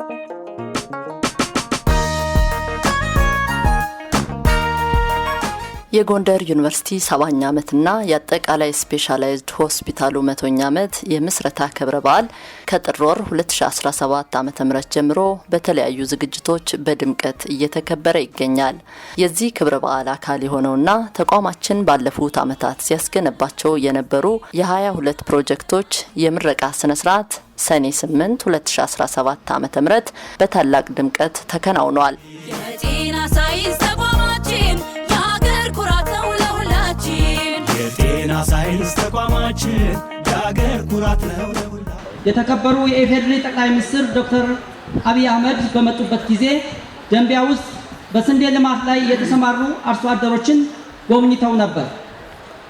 Thank you. የጎንደር ዩኒቨርሲቲ ሰባኛ ዓመትና የአጠቃላይ ስፔሻላይዝድ ሆስፒታሉ መቶኛ ዓመት የምስረታ ክብረ በዓል ከጥር ወር 2017 ዓ ም ጀምሮ በተለያዩ ዝግጅቶች በድምቀት እየተከበረ ይገኛል። የዚህ ክብረ በዓል አካል የሆነውና ተቋማችን ባለፉት ዓመታት ሲያስገነባቸው የነበሩ የ22 ፕሮጀክቶች የምረቃ ስርዓት ሰኔ 8 2017 ዓ ም በታላቅ ድምቀት ተከናውኗል። ሳይንስ ተቋማችን ኩራት ነው የተከበሩ የኢፌዴሪ ጠቅላይ ሚኒስትር ዶክተር አብይ አህመድ በመጡበት ጊዜ ደንቢያ ውስጥ በስንዴ ልማት ላይ የተሰማሩ አርሶ አደሮችን ጎብኝተው ነበር።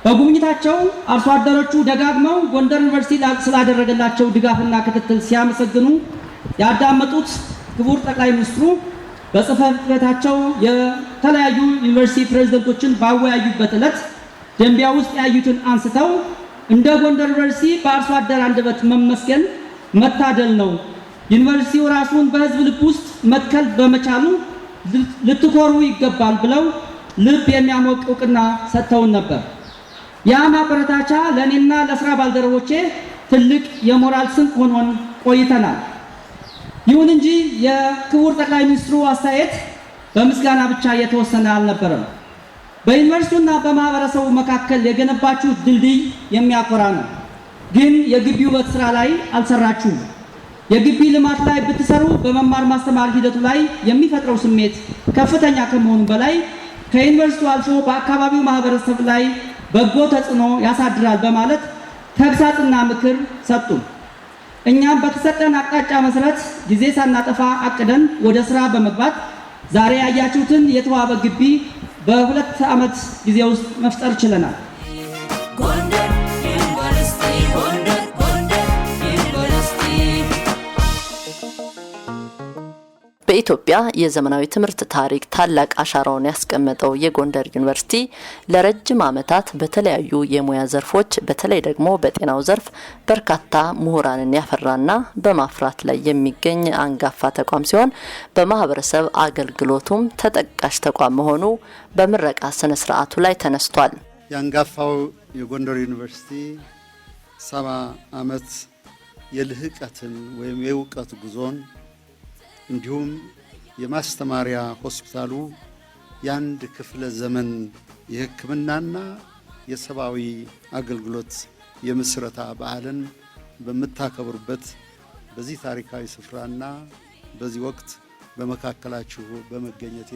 በጉብኝታቸው አርሶ አደሮቹ ደጋግመው ጎንደር ዩኒቨርሲቲ ስላደረገላቸው ድጋፍና ክትትል ሲያመሰግኑ ያዳመጡት ክቡር ጠቅላይ ሚኒስትሩ በጽህፈት ቤታቸው የተለያዩ ዩኒቨርሲቲ ፕሬዝደንቶችን ባወያዩበት ዕለት ደንቢያ ውስጥ ያዩትን አንስተው እንደ ጎንደር ዩኒቨርሲቲ በአርሶ አደር አንደበት መመስገን መታደል ነው። ዩኒቨርሲቲው ራሱን በህዝብ ልብ ውስጥ መትከል በመቻሉ ልትኮሩ ይገባል ብለው ልብ የሚያሞቅ እውቅና ሰጥተውን ነበር። ያ ማበረታቻ ለእኔና ለስራ ባልደረቦቼ ትልቅ የሞራል ስንቅ ሆኖን ቆይተናል። ይሁን እንጂ የክቡር ጠቅላይ ሚኒስትሩ አስተያየት በምስጋና ብቻ የተወሰነ አልነበረም። በዩኒቨርሲቲውና በማህበረሰቡ መካከል የገነባችሁ ድልድይ የሚያኮራ ነው። ግን የግቢ ውበት ስራ ላይ አልሰራችሁም። የግቢ ልማት ላይ ብትሰሩ በመማር ማስተማር ሂደቱ ላይ የሚፈጥረው ስሜት ከፍተኛ ከመሆኑ በላይ ከዩኒቨርሲቲው አልፎ በአካባቢው ማህበረሰብ ላይ በጎ ተጽዕኖ ያሳድራል በማለት ተግሳጽና ምክር ሰጡን። እኛም በተሰጠን አቅጣጫ መሰረት ጊዜ ሳናጠፋ አቅደን ወደ ስራ በመግባት ዛሬ ያያችሁትን የተዋበ ግቢ በሁለት ዓመት ጊዜ ውስጥ መፍጠር ችለናል። በኢትዮጵያ የዘመናዊ ትምህርት ታሪክ ታላቅ አሻራውን ያስቀመጠው የጎንደር ዩኒቨርሲቲ ለረጅም ዓመታት በተለያዩ የሙያ ዘርፎች በተለይ ደግሞ በጤናው ዘርፍ በርካታ ምሁራንን ያፈራና በማፍራት ላይ የሚገኝ አንጋፋ ተቋም ሲሆን በማህበረሰብ አገልግሎቱም ተጠቃሽ ተቋም መሆኑ በምረቃ ስነ ስርዓቱ ላይ ተነስቷል። የአንጋፋው የጎንደር ዩኒቨርሲቲ ሰባ ዓመት የልህቀትን ወይም የእውቀት ጉዞን እንዲሁም የማስተማሪያ ሆስፒታሉ የአንድ ክፍለ ዘመን የሕክምናና የሰብአዊ አገልግሎት የምስረታ በዓልን በምታከብሩበት በዚህ ታሪካዊ ስፍራና በዚህ ወቅት በመካከላችሁ በመገኘቴ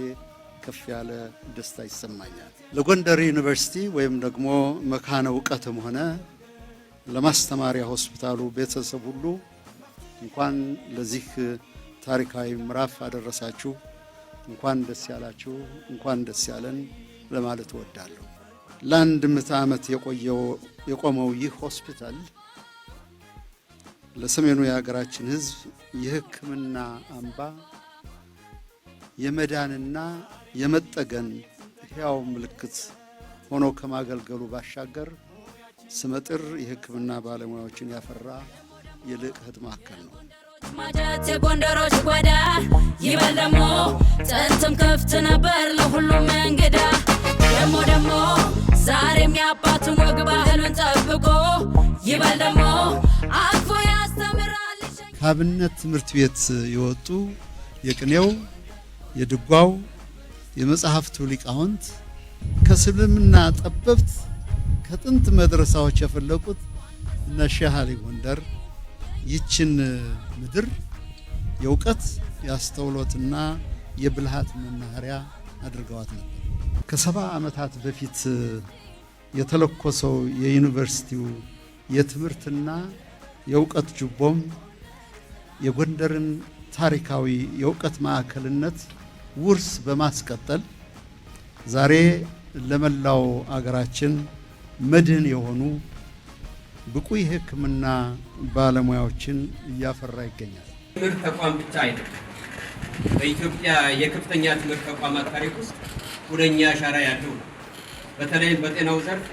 ከፍ ያለ ደስታ ይሰማኛል። ለጎንደር ዩኒቨርሲቲ ወይም ደግሞ መካነ እውቀትም ሆነ ለማስተማሪያ ሆስፒታሉ ቤተሰብ ሁሉ እንኳን ለዚህ ታሪካዊ ምዕራፍ አደረሳችሁ። እንኳን ደስ ያላችሁ፣ እንኳን ደስ ያለን ለማለት እወዳለሁ። ለአንድ ምዕተ ዓመት የቆመው ይህ ሆስፒታል ለሰሜኑ የሀገራችን ሕዝብ የሕክምና አምባ የመዳንና የመጠገን ሕያው ምልክት ሆኖ ከማገልገሉ ባሻገር ስመጥር የሕክምና ባለሙያዎችን ያፈራ የልህቀት ማዕከል ነው። ማጀት የጎንደሮች ጓዳ ይበል ደሞ ጥንትም ክፍት ነበር ለሁሉም እንግዳ ደሞ ደሞ ዛሬም የአባትን ወግ ባህሉን ጠብቆ ይበል ደሞ አቅፎ ያስተምራል። ከአብነት ትምህርት ቤት የወጡ የቅኔው፣ የድጓው፣ የመጽሐፍቱ ሊቃውንት ከእስልምና ጠበብት ከጥንት መድረሳዎች የፈለቁት እነ ሼህ አሊ ጎንደር ይችን ምድር የእውቀት የአስተውሎትና የብልሃት መናኸሪያ አድርገዋት ነበር። ከሰባ ዓመታት በፊት የተለኮሰው የዩኒቨርሲቲው የትምህርትና የእውቀት ጅቦም የጎንደርን ታሪካዊ የእውቀት ማዕከልነት ውርስ በማስቀጠል ዛሬ ለመላው አገራችን መድህን የሆኑ ብቁ የሕክምና ባለሙያዎችን እያፈራ ይገኛል። ትምህርት ተቋም ብቻ አይደለም። በኢትዮጵያ የከፍተኛ ትምህርት ተቋማት ታሪክ ውስጥ ሁነኛ አሻራ ያለው ነው። በተለይም በጤናው ዘርፍ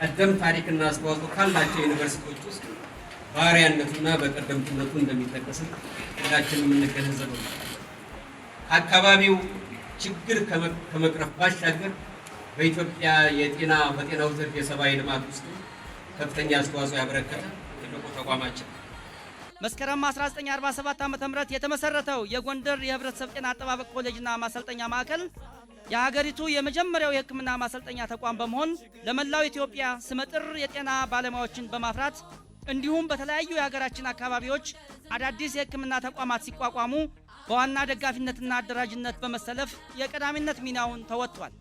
ቀደም ታሪክና አስተዋጽኦ ካላቸው ዩኒቨርሲቲዎች ውስጥ ባህሪያነቱና በቀደምትነቱ እንደሚጠቀስም ሁላችንም የምንገነዘበው ነው። አካባቢው ችግር ከመቅረፍ ባሻገር በኢትዮጵያ የጤና በጤናው ዘርፍ የሰብአዊ ልማት ውስጥ ከፍተኛ አስተዋጽኦ ያበረከተ ትልቁ ተቋማችን መስከረም 1947 ዓ.ም ተመረተ የተመሰረተው የጎንደር የህብረተሰብ ጤና አጠባበቅ ኮሌጅና ማሰልጠኛ ማዕከል የሀገሪቱ የመጀመሪያው የህክምና ማሰልጠኛ ተቋም በመሆን ለመላው ኢትዮጵያ ስመጥር የጤና ባለሙያዎችን በማፍራት እንዲሁም በተለያዩ የሀገራችን አካባቢዎች አዳዲስ የህክምና ተቋማት ሲቋቋሙ በዋና ደጋፊነትና አደራጅነት በመሰለፍ የቀዳሚነት ሚናውን ተወጥቷል።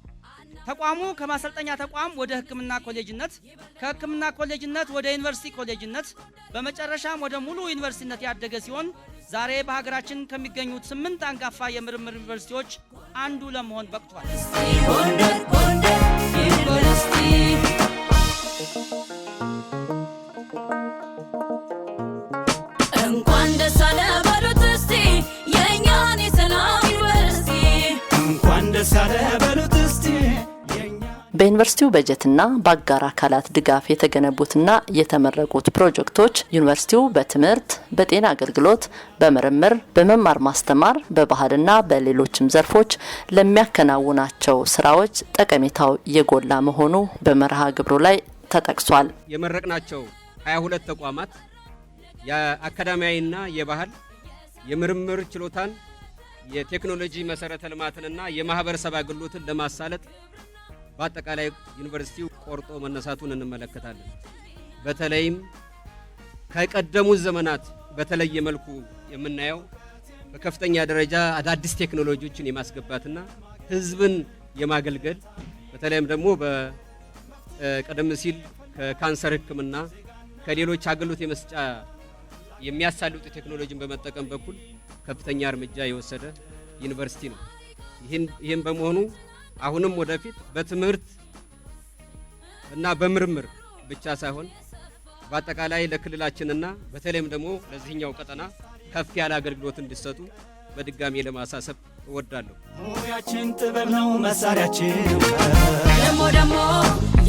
ተቋሙ ከማሰልጠኛ ተቋም ወደ ሕክምና ኮሌጅነት፣ ከሕክምና ኮሌጅነት ወደ ዩኒቨርሲቲ ኮሌጅነት፣ በመጨረሻም ወደ ሙሉ ዩኒቨርሲቲነት ያደገ ሲሆን ዛሬ በሀገራችን ከሚገኙት ስምንት አንጋፋ የምርምር ዩኒቨርሲቲዎች አንዱ ለመሆን በቅቷል። እንኳን ደስ አለ በሉት እስቲ የእኛን የሰላም ዩኒቨርሲቲ እንኳን ደስ አለ በሉት በዩኒቨርሲቲው በጀትና በአጋር አካላት ድጋፍ የተገነቡትና የተመረቁት ፕሮጀክቶች ዩኒቨርሲቲው በትምህርት፣ በጤና አገልግሎት፣ በምርምር፣ በመማር ማስተማር፣ በባህልና በሌሎችም ዘርፎች ለሚያከናውናቸው ስራዎች ጠቀሜታው የጎላ መሆኑ በመርሃ ግብሩ ላይ ተጠቅሷል። የመረቅናቸው 22 ተቋማት የአካዳሚያዊና የባህል የምርምር ችሎታን የቴክኖሎጂ መሰረተ ልማትንና የማህበረሰብ አገልግሎትን ለማሳለጥ በአጠቃላይ ዩኒቨርሲቲው ቆርጦ መነሳቱን እንመለከታለን። በተለይም ከቀደሙት ዘመናት በተለየ መልኩ የምናየው በከፍተኛ ደረጃ አዳዲስ ቴክኖሎጂዎችን የማስገባትና ሕዝብን የማገልገል በተለይም ደግሞ በቀደም ሲል ከካንሰር ሕክምና ከሌሎች አገልግሎት የመስጫ የሚያሳልጡ ቴክኖሎጂን በመጠቀም በኩል ከፍተኛ እርምጃ የወሰደ ዩኒቨርሲቲ ነው። ይህም በመሆኑ አሁንም ወደፊት በትምህርት እና በምርምር ብቻ ሳይሆን በአጠቃላይ ለክልላችንና በተለይም ደግሞ ለዚህኛው ቀጠና ከፍ ያለ አገልግሎት እንዲሰጡ በድጋሚ ለማሳሰብ እወዳለሁ። ሙያችን ጥበብ ነው መሳሪያችን። ደግሞ ደግሞ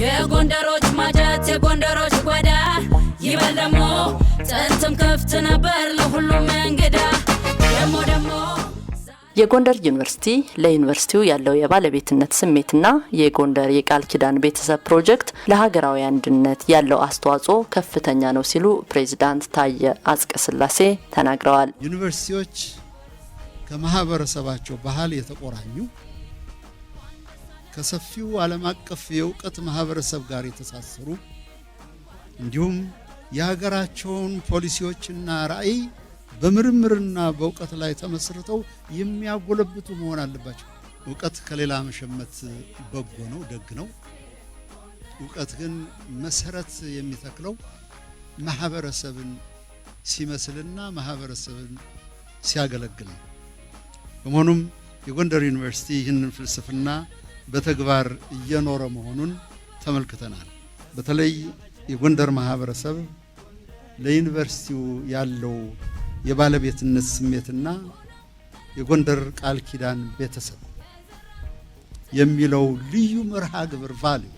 የጎንደሮች ማጀት የጎንደሮች ጓዳ ይበል ደግሞ ጥንትም ክፍት ነበር ለሁሉ የጎንደር ዩኒቨርሲቲ ለዩኒቨርሲቲው ያለው የባለቤትነት ስሜትና የጎንደር የቃል ኪዳን ቤተሰብ ፕሮጀክት ለሀገራዊ አንድነት ያለው አስተዋጽኦ ከፍተኛ ነው ሲሉ ፕሬዚዳንት ታየ አጽቀ ስላሴ ተናግረዋል። ዩኒቨርሲቲዎች ከማህበረሰባቸው ባህል የተቆራኙ ከሰፊው ዓለም አቀፍ የእውቀት ማህበረሰብ ጋር የተሳሰሩ እንዲሁም የሀገራቸውን ፖሊሲዎችና ራዕይ በምርምርና በእውቀት ላይ ተመስርተው የሚያጎለብቱ መሆን አለባቸው። እውቀት ከሌላ መሸመት በጎ ነው፣ ደግ ነው። እውቀት ግን መሰረት የሚተክለው ማህበረሰብን ሲመስልና ማህበረሰብን ሲያገለግል ነው። በመሆኑም የጎንደር ዩኒቨርሲቲ ይህንን ፍልስፍና በተግባር እየኖረ መሆኑን ተመልክተናል። በተለይ የጎንደር ማህበረሰብ ለዩኒቨርሲቲው ያለው የባለቤትነት ስሜትና የጎንደር ቃል ኪዳን ቤተሰብ የሚለው ልዩ መርሃ ግብር ቫልዩ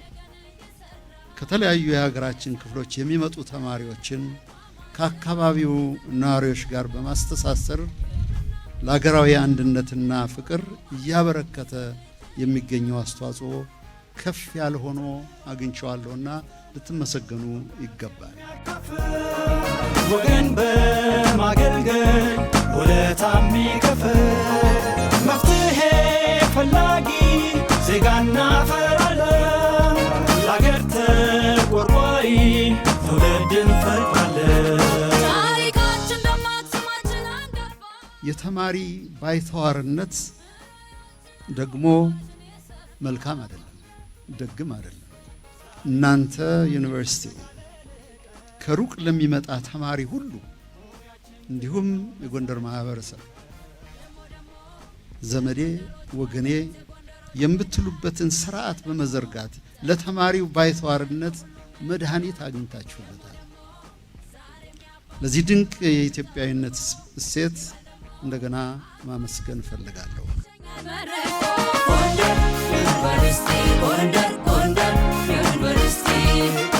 ከተለያዩ የሀገራችን ክፍሎች የሚመጡ ተማሪዎችን ከአካባቢው ነዋሪዎች ጋር በማስተሳሰር ለሀገራዊ አንድነትና ፍቅር እያበረከተ የሚገኘው አስተዋጽኦ ከፍ ያለ ሆኖ አግኝቼዋለሁና ልትመሰገኑ ይገባል። ወገን በማገልገል ውለታ የሚከፍል መፍትሄ ፈላጊ ዜጋ እናፈራለን። ለአገር ተቆርቋሪ ትውልድ እንፈጥራለን። የተማሪ ባይተዋርነት ደግሞ መልካም አይደለም፣ ደግም አይደለም። እናንተ ዩኒቨርሲቲ ከሩቅ ለሚመጣ ተማሪ ሁሉ እንዲሁም የጎንደር ማህበረሰብ ዘመዴ ወገኔ የምትሉበትን ስርዓት በመዘርጋት ለተማሪው ባይተዋርነት መድኃኒት አግኝታችሁበታል። ለዚህ ድንቅ የኢትዮጵያዊነት እሴት እንደገና ማመስገን እፈልጋለሁ። любви.